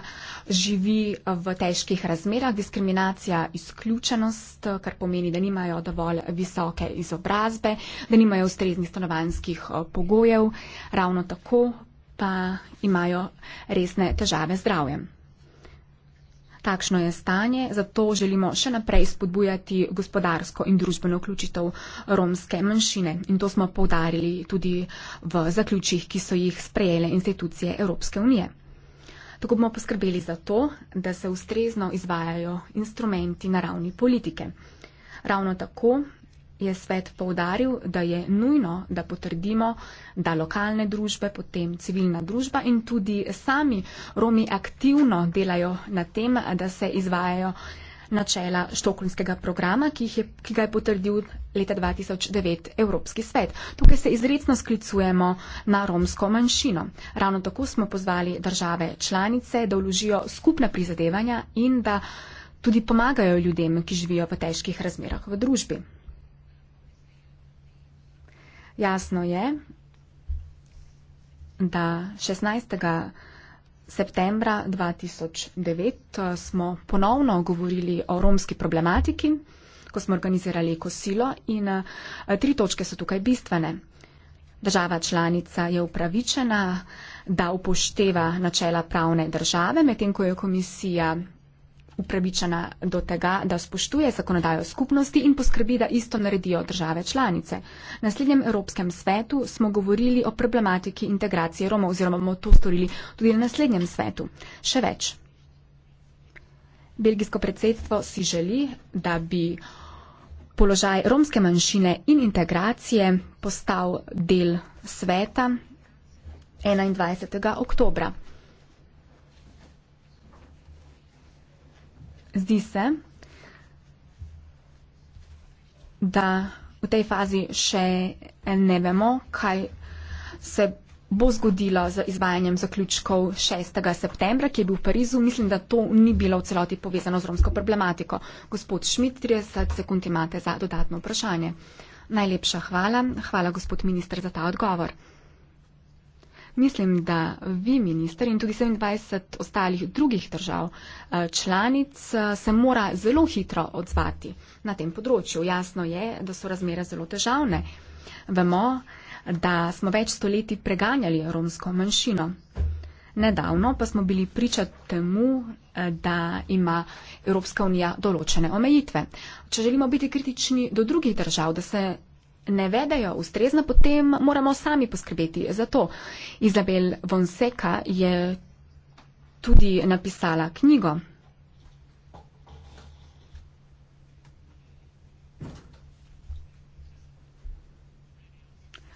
živi v težkih razmerah. Diskriminacija, izključenost, kar pomeni, da nimajo dovolj visoke izobrazbe, da nimajo ustreznih stanovanjskih eh, pogojev, ravno tako pa imajo resne težave z zdravjem. Takšno je stanje, zato želimo še naprej spodbujati gospodarsko in družbeno vključitev romske manjšine. In to smo povdarili tudi v zaključjih, ki so jih sprejele institucije Evropske unije. Tako bomo poskrbeli za to, da se ustrezno izvajajo instrumenti na ravni politike. Ravno tako je svet povdaril, da je nujno, da potrdimo, da lokalne družbe, potem civilna družba in tudi sami Romi aktivno delajo na tem, da se izvajajo načela štokholmskega programa, ki, je, ki ga je potrdil leta 2009 Evropski svet. Tukaj se izredno sklicujemo na romsko manjšino. Ravno tako smo pozvali države članice, da vložijo skupna prizadevanja in da tudi pomagajo ljudem, ki živijo v težkih razmerah v družbi. Jasno je, da 16. septembra 2009 eh, smo ponovno govorili o romski problematiki, ko smo organizirali kosilo in eh, tri točke so tukaj bistvene. Država članica je upravičena, da upošteva načela pravne države, medtem ko je komisija upravičena do tega, da spoštuje zakonodajo skupnosti in poskrbi, da isto naredijo države članice. Na naslednjem Evropskem svetu smo govorili o problematiki integracije Romov oziroma bomo to storili tudi na naslednjem svetu. Še več. Belgijsko predsedstvo si želi, da bi položaj romske manjšine in integracije postal del sveta 21. oktobra. Zdi se, da v tej fazi še ne vemo, kaj se bo zgodilo z izvajanjem zaključkov 6. septembra, ki je bil v Parizu. Mislim, da to ni bilo v celoti povezano z romsko problematiko. Gospod Šmit, 30 sekund imate za dodatno vprašanje. Najlepša hvala. Hvala, gospod minister, za ta odgovor. Mislim, da vi, minister, in tudi 27 ostalih drugih držav eh, članic eh, se mora zelo hitro odzvati na tem področju. Jasno je, da so razmere zelo težavne. Vemo, da smo več stoletij preganjali romsko manjšino. Nedavno pa smo bili priča temu, eh, da ima Evropska unija določene omejitve. Če želimo biti kritični do drugih držav, da se ne vedejo ustrezno, potem moramo sami poskrbeti za to. Izabel Vonseka je tudi napisala knjigo.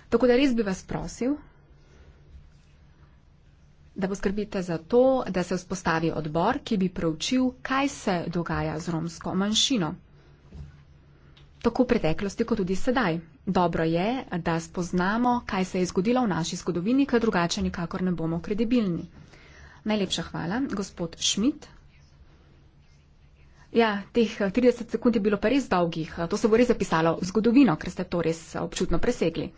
Tako da res bi vas prosil, da poskrbite za to, da se vzpostavi odbor, ki bi preučil, kaj se dogaja z romsko manjšino tako v preteklosti kot tudi sedaj. Dobro je, da spoznamo, kaj se je zgodilo v naši zgodovini, ker drugače nikakor ne bomo kredibilni. Najlepša hvala, gospod Šmit. Ja, teh 30 eh, sekund je bilo pa res dolgih. To se bo res zapisalo v zgodovino, ker ste to res eh, občutno presegli.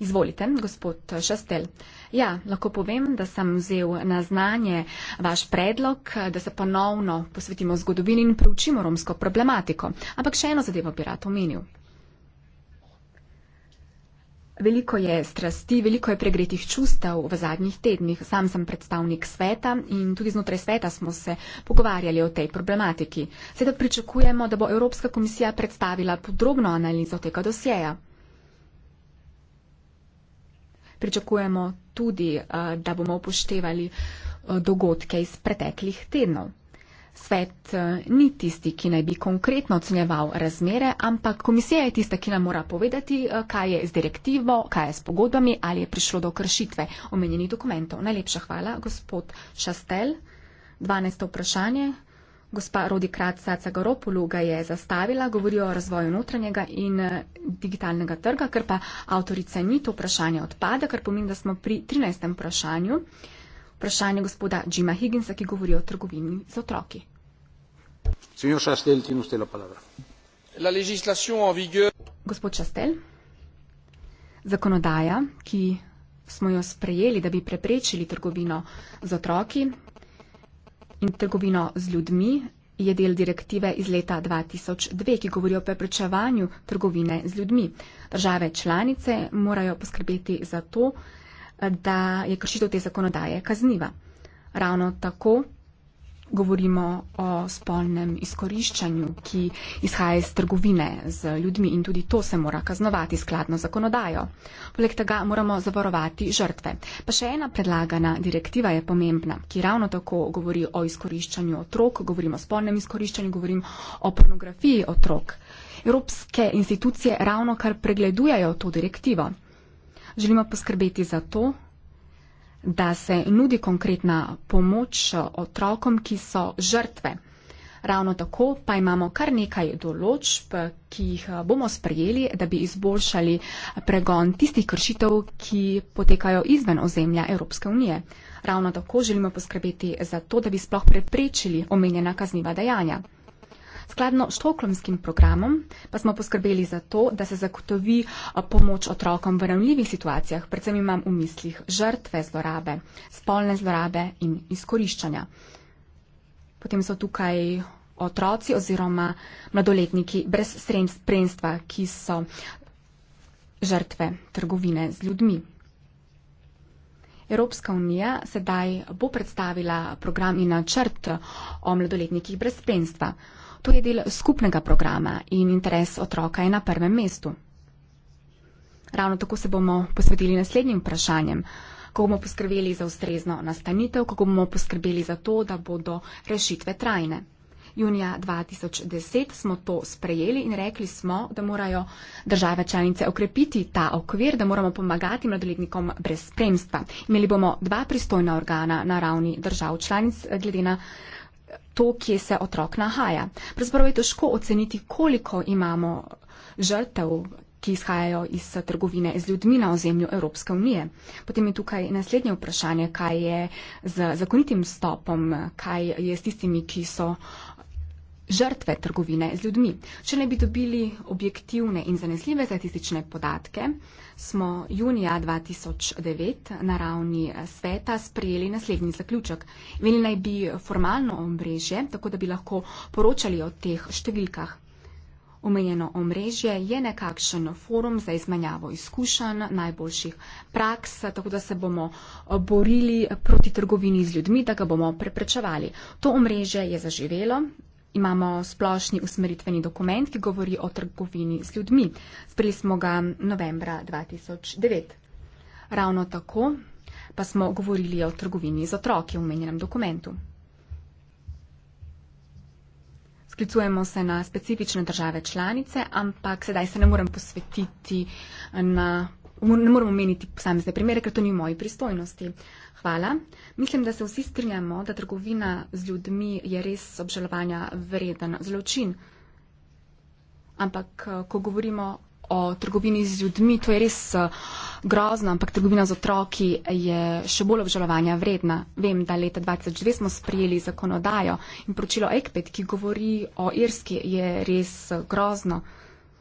Izvolite, gospod Šastel. Ja, lahko povem, da sem vzel na znanje vaš predlog, da se ponovno posvetimo zgodovini in preučimo romsko problematiko. Ampak še eno zadevo bi rad omenil. Veliko je strasti, veliko je pregretih čustev v zadnjih tednih. Sam sem predstavnik sveta in tudi znotraj sveta smo se pogovarjali o tej problematiki. Sedaj pričakujemo, da bo Evropska komisija predstavila podrobno analizo tega dosjeja pričakujemo tudi, eh, da bomo upoštevali eh, dogodke iz preteklih tednov. Svet eh, ni tisti, ki naj bi konkretno ocenjeval razmere, ampak komisija je tista, ki nam mora povedati, kaj je z direktivo, kaj je s pogodbami ali je prišlo do kršitve omenjenih dokumentov. Najlepša hvala, gospod Šastel. 12. vprašanje. Gospa Rodi Kratca Cagaropolu ga je zastavila, govori o razvoju notranjega in eh, digitalnega trga, ker pa avtorica ni to vprašanje odpada, ker pomeni, da smo pri 13. vprašanju. Vprašanje gospoda Jima Higginsa, ki govori o trgovini z otroki. Gospod Šastel, zakonodaja, ki smo jo sprejeli, da bi preprečili trgovino z otroki, in trgovino z ljudmi je del direktive iz leta 2002, ki govori o preprečevanju trgovine z ljudmi. Države članice morajo poskrbeti za to, da je kršitev te zakonodaje kazniva. Ravno tako govorimo o spolnem izkoriščanju, ki izhaja iz trgovine z ljudmi in tudi to se mora kaznovati skladno zakonodajo. Poleg tega moramo zavarovati žrtve. Pa še ena predlagana direktiva je pomembna, ki ravno tako govori o izkoriščanju otrok, govorimo o spolnem izkoriščanju, govorimo o pornografiji otrok. Evropske institucije ravno kar pregledujajo to direktivo. Želimo poskrbeti za to, da se nudi konkretna pomoč eh, otrokom, ki so žrtve. Ravno tako pa imamo kar nekaj določb, eh, ki jih eh, bomo sprejeli, da bi izboljšali pregon tistih kršitev, ki potekajo izven ozemlja Evropske unije. Ravno tako želimo poskrbeti za to, da bi sploh preprečili omenjena kazniva dejanja. Skladno s štoklomskim programom pa smo poskrbeli za to, da se zagotovi pomoč otrokom v ravnljivih situacijah, predvsem imam v mislih žrtve zlorabe, spolne zlorabe in izkoriščanja. Potem so tukaj otroci oziroma mladoletniki brez spremstva, ki so žrtve trgovine z ljudmi. Evropska unija sedaj bo predstavila program in načrt o mladoletnikih brez spremstva. To je del skupnega programa in interes otroka je na prvem mestu. Ravno tako se bomo posvetili naslednjim vprašanjem. Ko bomo poskrbeli za ustrezno nastanitev, ko bomo poskrbeli za to, da bodo rešitve trajne. Junija 2010 smo to sprejeli in rekli smo, da morajo države članice okrepiti ta okvir, da moramo pomagati mladoletnikom brez spremstva. Imeli bomo dva pristojna organa na ravni držav članic, eh, glede na eh, to, kje se otrok nahaja. Pravzaprav je težko oceniti, koliko imamo žrtev ki izhajajo iz eh, trgovine z ljudmi na ozemlju Evropske unije. Potem je tukaj naslednje vprašanje, kaj je z zakonitim stopom, kaj je s tistimi, ki so uh, žrtve trgovine z ljudmi. Če ne bi dobili objektivne in zanesljive statistične podatke, smo junija 2009 na ravni eh, sveta sprejeli naslednji zaključek. Imeli naj bi formalno omrežje, tako da bi lahko poročali o teh številkah. Omenjeno omrežje je nekakšen forum za izmanjavo izkušenj, najboljših praks, tako da se bomo eh, borili proti trgovini z ljudmi, da ga bomo preprečevali. To omrežje je zaživelo, imamo splošni usmeritveni dokument, ki govori o trgovini z ljudmi. Sprejeli smo ga novembra 2009. Ravno tako pa smo govorili o trgovini z otroki v menjenem dokumentu. Sklicujemo se na specifične države članice, ampak sedaj se ne morem posvetiti na. Ne moremo meniti posamezne primere, ker to ni v moji pristojnosti. Uh, Hvala. Mislim, da se vsi strinjamo, da trgovina z ljudmi je res obžalovanja vreden zločin. Ampak, eh, ko govorimo o trgovini z ljudmi, to je res eh, grozno, ampak trgovina z otroki je še bolj obžalovanja vredna. Vem, da leta 2002 smo sprijeli zakonodajo in poročilo ECPET, ki govori o Irski, je res eh, grozno.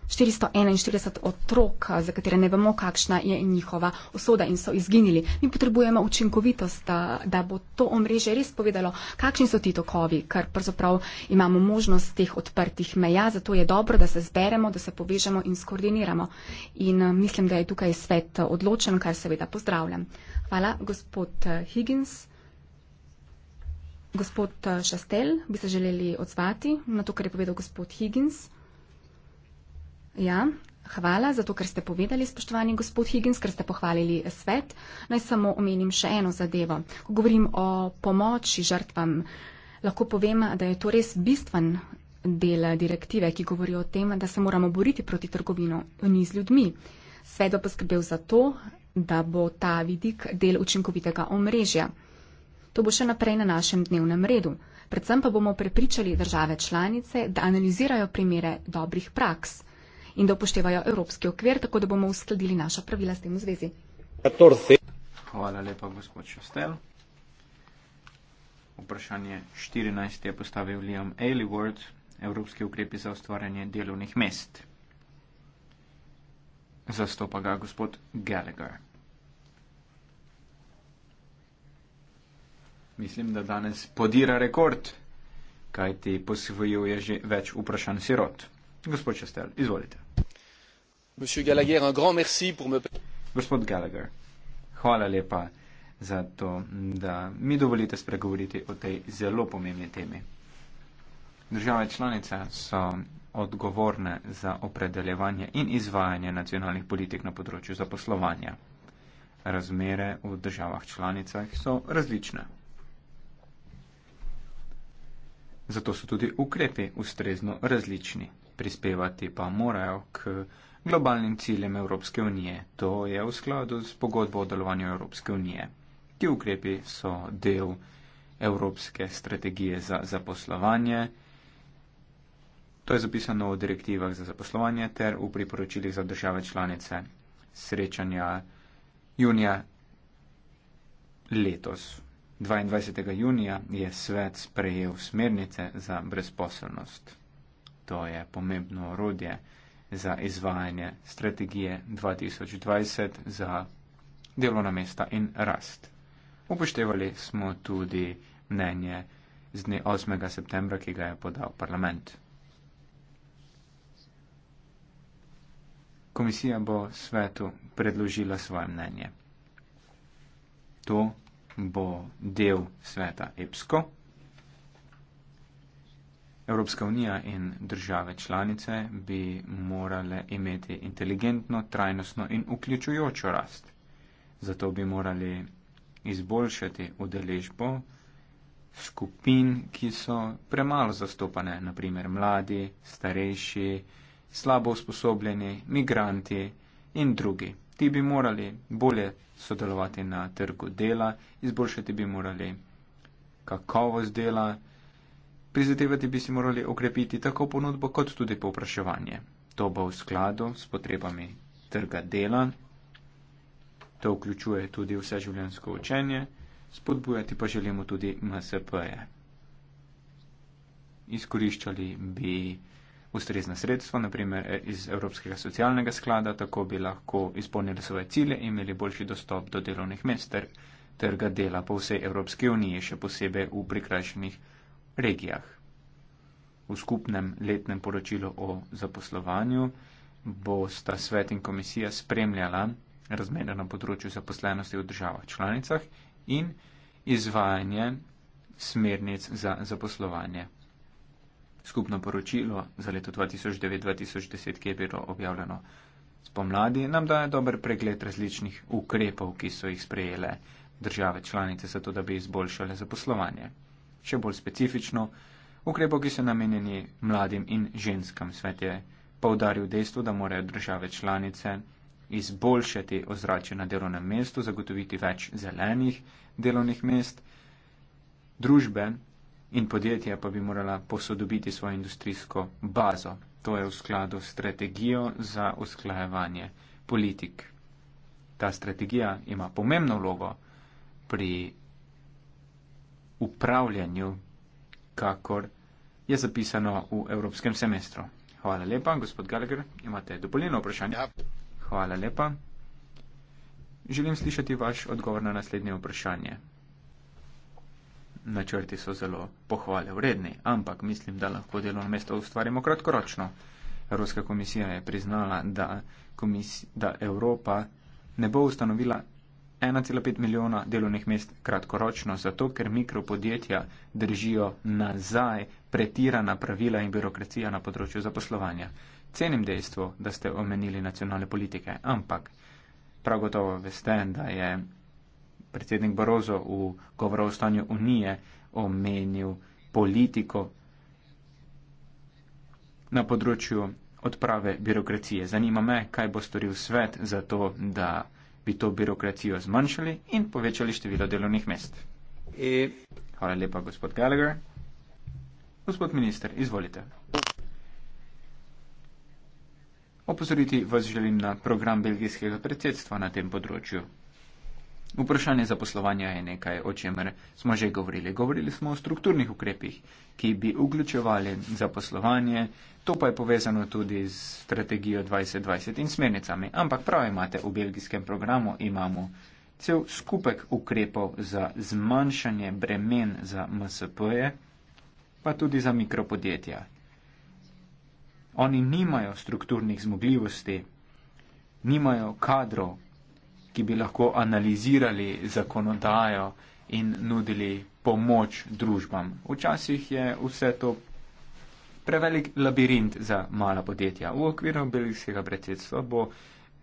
441 otrok, za katere ne vemo, kakšna je njihova usoda in so izginili. Mi potrebujemo učinkovitost, da bo to omrežje res povedalo, kakšni so ti tokovi, ker pravzaprav imamo možnost teh odprtih meja, zato je dobro, da se zberemo, da se povežemo in skoordiniramo. In eh, mislim, da je tukaj svet eh, odločen, kar seveda pozdravljam. Hvala, gospod eh, Higgins. Gospod Šastel, bi se želeli odzvati na to, kar je povedal gospod Higgins. Ja, hvala za to, kar ste povedali, spoštovani gospod Higgins, ker ste pohvalili svet. Naj samo omenim še eno zadevo. Ko govorim o pomoči žrtvam, lahko povem, da je to res bistven del direktive, ki govori o tem, da se moramo boriti proti trgovino ni z ljudmi. Svet bo poskrbel za to, da bo ta vidik del učinkovitega omrežja. To bo še naprej na našem dnevnem redu. Predvsem pa bomo prepričali države članice, da analizirajo primere dobrih praks in da upoštevajo evropski okvir, tako da bomo uskladili naša pravila s tem v zvezi. Hvala lepa, gospod Šostel. Vprašanje 14 je postavil Liam Aylward, Evropski ukrepi za ustvarjanje delovnih mest. Zastopa ga gospod Gallagher. Mislim, da danes podira rekord, kaj ti posvojuje že več vprašanj sirot. Gospod Šestel, izvolite monsieur Gallagher, un grand merci pour me. Gospod Gallagher, hvala lepa za to, da mi dovolite spregovoriti o tej zelo pomembni temi. Države članice so odgovorne za opredeljevanje in izvajanje nacionalnih politik na področju zaposlovanja. Razmere v državah članicah so različne. Zato so tudi ukrepi ustrezno različni, prispevati pa morajo k globalnim ciljem Evropske unije. To je v skladu s pogodbo o delovanju Evropske unije. Ti ukrepi so del Evropske strategije za zaposlovanje. To je zapisano v direktivah za zaposlovanje ter v priporočilih za države članice srečanja junija letos. 22. junija je svet sprejel smernice za brezposelnost. To je pomembno orodje za izvajanje strategije 2020 za delovna mesta in rast. Upoštevali smo tudi mnenje z dne 8. septembra, ki ga je podal parlament. Komisija bo svetu predložila svoje mnenje. To bo del sveta EPSCO. Evropska unija in države članice bi morale imeti inteligentno, trajnostno in vključujočo rast. Zato bi morali izboljšati udeležbo skupin, ki so premalo zastopane, naprimer mladi, starejši, slabo usposobljeni, migranti in drugi. Ti bi morali bolje sodelovati na trgu dela, izboljšati bi morali kakovost dela, Prizadevati bi si morali okrepiti tako ponudbo kot tudi povpraševanje. To bo v skladu s potrebami trga dela, to vključuje tudi vse življensko učenje, spodbujati pa želimo tudi MSP-je. Izkoriščali bi ustrezna sredstva, naprimer iz Evropskega socialnega sklada, tako bi lahko izpolnili svoje cilje in imeli boljši dostop do delovnih mest ter trga dela po vsej Evropski uniji, še posebej v prikrajšenih državah regijah. V skupnem letnem poročilu o zaposlovanju bo sta svet in komisija spremljala razmere na področju zaposlenosti v državah članicah in izvajanje smernic za zaposlovanje. Skupno poročilo za leto 2009-2010, ki je bilo objavljeno spomladi, nam daje dober pregled različnih ukrepov, ki so jih sprejele države članice, zato da bi izboljšale zaposlovanje še bolj specifično, ukrepov, ki so namenjeni mladim in ženskam. Svet je poudaril dejstvo, da morajo države članice izboljšati ozračje na delovnem mestu, zagotoviti več zelenih delovnih mest, družbe in podjetja pa bi morala posodobiti svojo industrijsko bazo. To je v skladu s strategijo za usklajevanje politik. Ta strategija ima pomembno vlogo pri upravljanju, kakor je zapisano v evropskem semestru. Hvala lepa, gospod Gallagher, imate dopoljeno vprašanje. Ja. Hvala lepa. Želim slišati vaš odgovor na naslednje vprašanje. Načrti so zelo pohvale vredni, ampak mislim, da lahko delovno mesto ustvarimo kratkoročno. Evropska komisija je priznala, da, komisi, da Evropa ne bo ustanovila 1,5 milijona delovnih mest kratkoročno, zato ker mikropodjetja držijo nazaj pretirana pravila in birokracija na področju zaposlovanja. Cenim dejstvo, da ste omenili nacionalne politike, ampak prav gotovo veste, da je predsednik Barozo v govoru o stanju unije omenil politiko na področju odprave birokracije. Zanima me, kaj bo storil svet za to, da bi to birokracijo zmanjšali in povečali število delovnih mest. E... Hvala lepa, gospod Gallagher. Gospod minister, izvolite. Opozoriti vas želim na program belgijskega predsedstva na tem področju. Vprašanje zaposlovanja je nekaj, o čemer smo že govorili. Govorili smo o strukturnih ukrepih, ki bi vključevali zaposlovanje, to pa je povezano tudi z strategijo 2020 in smernicami. Ampak prav imate, v belgijskem programu imamo cel skupek ukrepov za zmanjšanje bremen za MSP-je, pa tudi za mikropodjetja. Oni nimajo strukturnih zmogljivosti, nimajo kadrov ki bi lahko analizirali zakonodajo in nudili pomoč družbam. Včasih je vse to prevelik labirint za mala podjetja. V okviru belgijskega predsedstva bo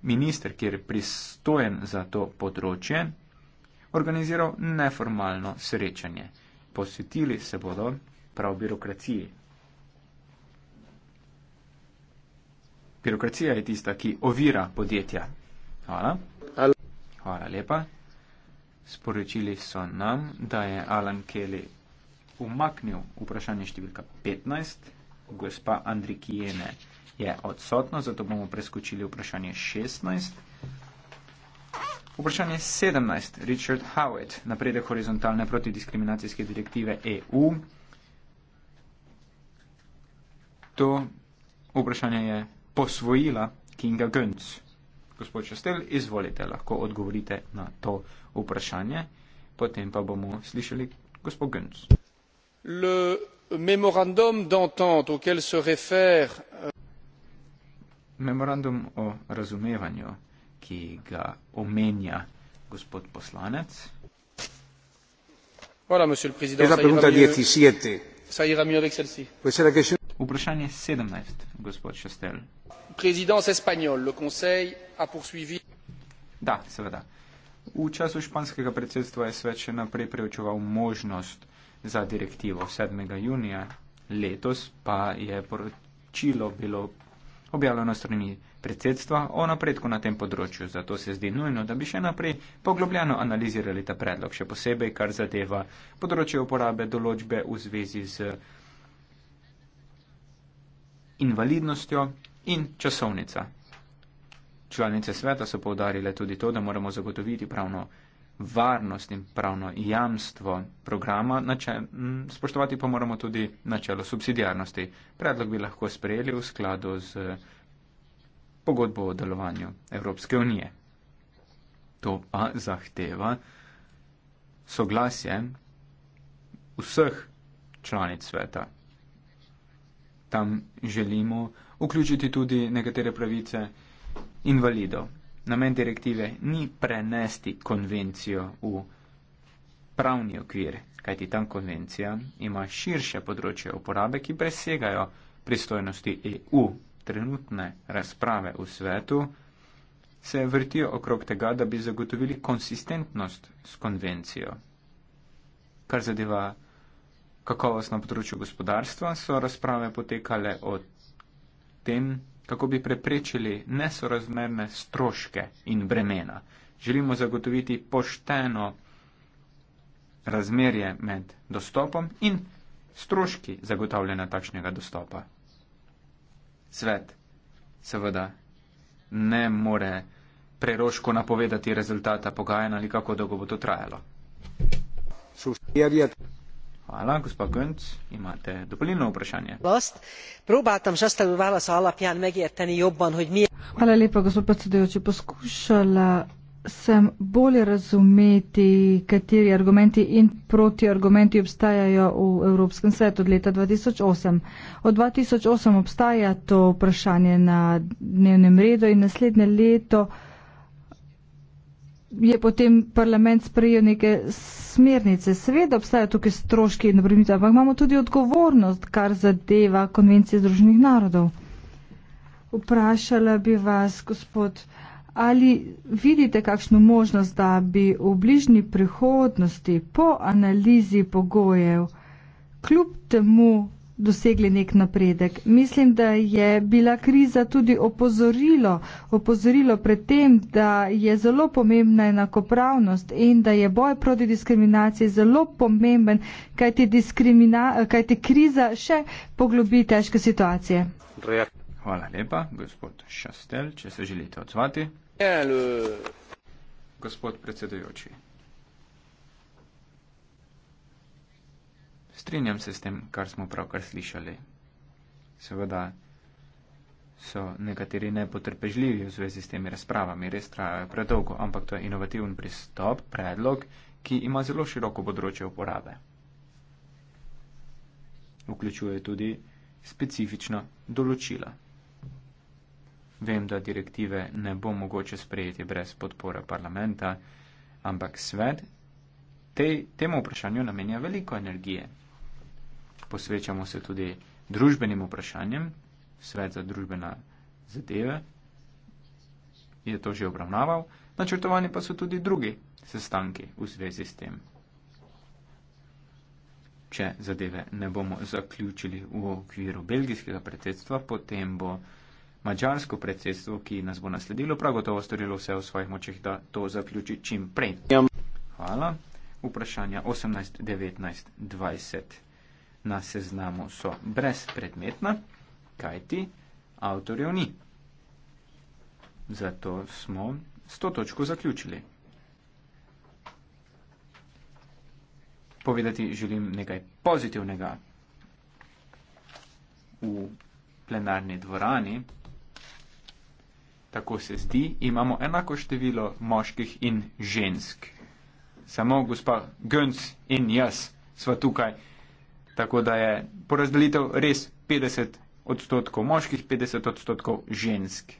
minister, ki je pristojen za to področje, organiziral neformalno srečanje. Posvetili se bodo prav birokraciji. Birokracija je tista, ki ovira podjetja. Hvala. Hvala lepa. Sporočili so nam, da je Alan Kelly umaknil vprašanje številka 15. Gospa Andrikijene je odsotna, zato bomo preskočili vprašanje 16. Vprašanje 17. Richard Howitt, napredek horizontalne protidiskriminacijske direktive EU. To vprašanje je posvojila Kinga Gönc gospod Šestel, izvolite, lahko odgovorite na to vprašanje. Potem pa bomo slišali gospod Gönc. Le memorandum d'entente, auquel se réfère. Euh, memorandum o razumevanju, ki ga omenja gospod poslanec. Voilà, monsieur le président. Ça ira, mieux, ça ira mieux avec celle-ci. Oui, question... Vprašanje 17, gospod Šestel présidence espagnole, le Conseil a poursuivi. Da, seveda. V času španskega predsedstva je svet še naprej preučeval možnost za direktivo 7. junija, letos pa je poročilo bilo objavljeno strani predsedstva o napredku na tem področju, zato se zdi nujno, da bi še naprej poglobljeno analizirali ta predlog, še posebej, kar zadeva področje uporabe določbe v zvezi z invalidnostjo in časovnica. Članice sveta so povdarile tudi to, da moramo zagotoviti pravno varnost in pravno jamstvo programa, spoštovati pa moramo tudi načelo subsidijarnosti. Predlog bi lahko sprejeli v skladu z pogodbo o delovanju Evropske unije. To pa zahteva soglasje vseh članic sveta. Tam želimo vključiti tudi nekatere pravice invalidov. Namen direktive ni prenesti konvencijo v pravni okvir, kajti tam konvencija ima širše področje uporabe, ki presegajo pristojnosti EU. Trenutne razprave v svetu se vrtijo okrog tega, da bi zagotovili konsistentnost s konvencijo. Kar zadeva kakovost na področju gospodarstva, so razprave potekale od tem, kako bi preprečili nesorazmerne stroške in bremena. Želimo zagotoviti pošteno razmerje med dostopom in stroški zagotavljanja takšnega dostopa. Svet seveda ne more preroško napovedati rezultata pogajanja ali kako dolgo bo to trajalo. Hvala. Gospa Gönc, imate dopolnilno vprašanje. Próbáltam zastavljala sa alapján megérteni jobban, hogy mi... Hvala lepa, gospod predsedujoči. Poskušala sem bolje razumeti, kateri argumenti in protiargumenti obstajajo v Evropskem svetu od leta 2008. Od 2008 obstaja to vprašanje na dnevnem redu in naslednje leto je potem parlament sprejel neke smernice. Seveda obstajajo tukaj stroški in obremitve, ampak imamo tudi odgovornost, kar zadeva konvencije Združenih narodov. Vprašala bi vas, gospod, ali vidite kakšno možnost, da bi v bližnji prihodnosti po analizi pogojev kljub temu dosegli nek napredek. Mislim, da je bila kriza tudi opozorilo, opozorilo pred tem, da je zelo pomembna enakopravnost in da je boj proti diskriminaciji zelo pomemben, kajti, kajti kriza še poglobi težke situacije. Hvala lepa, gospod Šastel, če se želite odzvati. Ja, gospod predsedujoči. strinjam se s tem, kar smo pravkar slišali. Seveda so nekateri nepotrpežljivi v zvezi s temi razpravami, res trajajo predolgo, ampak to je inovativen pristop, predlog, ki ima zelo široko področje uporabe. Vključuje tudi specifično določila. Vem, da direktive ne bo mogoče sprejeti brez podpore parlamenta, ampak svet te, temu vprašanju namenja veliko energije posvečamo se tudi družbenim vprašanjem, svet za družbene zadeve je to že obravnaval, načrtovani pa so tudi drugi sestanki v zvezi s tem. Če zadeve ne bomo zaključili v okviru belgijskega predsedstva, potem bo mađarsko predsedstvo, ki nas bo nasledilo, prav gotovo storilo vse v svojih močeh, da to zaključi čim prej. Ja. Hvala. Vprašanja 18, 19, 20 na seznamu so brezpredmetna, kajti avtorjev ni. Zato smo s to točko zaključili. Povedati želim nekaj pozitivnega. V plenarni dvorani, tako se zdi, imamo enako število moških in žensk. Samo gospa Gönc in jaz sva tukaj. Tako da je porazdelitev res 50 odstotkov moških, 50 odstotkov žensk.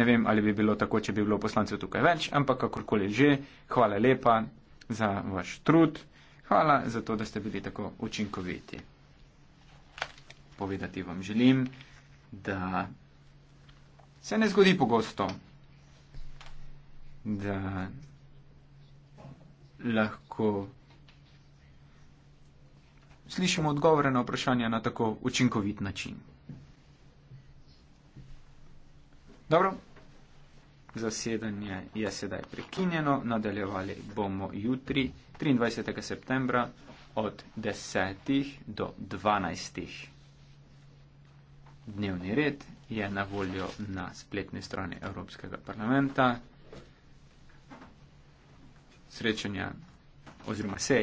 Ne vem, ali bi bilo tako, če bi bilo poslancev tukaj več, ampak kakorkoli že, hvala lepa za vaš trud, hvala za to, da ste bili tako učinkoviti. Povedati vam želim, da se ne zgodi pogosto, da lahko slišimo odgovore na vprašanja na tako učinkovit način. Dobro, zasedanje je sedaj prekinjeno, nadaljevali bomo jutri, 23. septembra, od 10. do 12. Dnevni red je na voljo na spletni strani Evropskega parlamenta. Srečanja oziroma sej.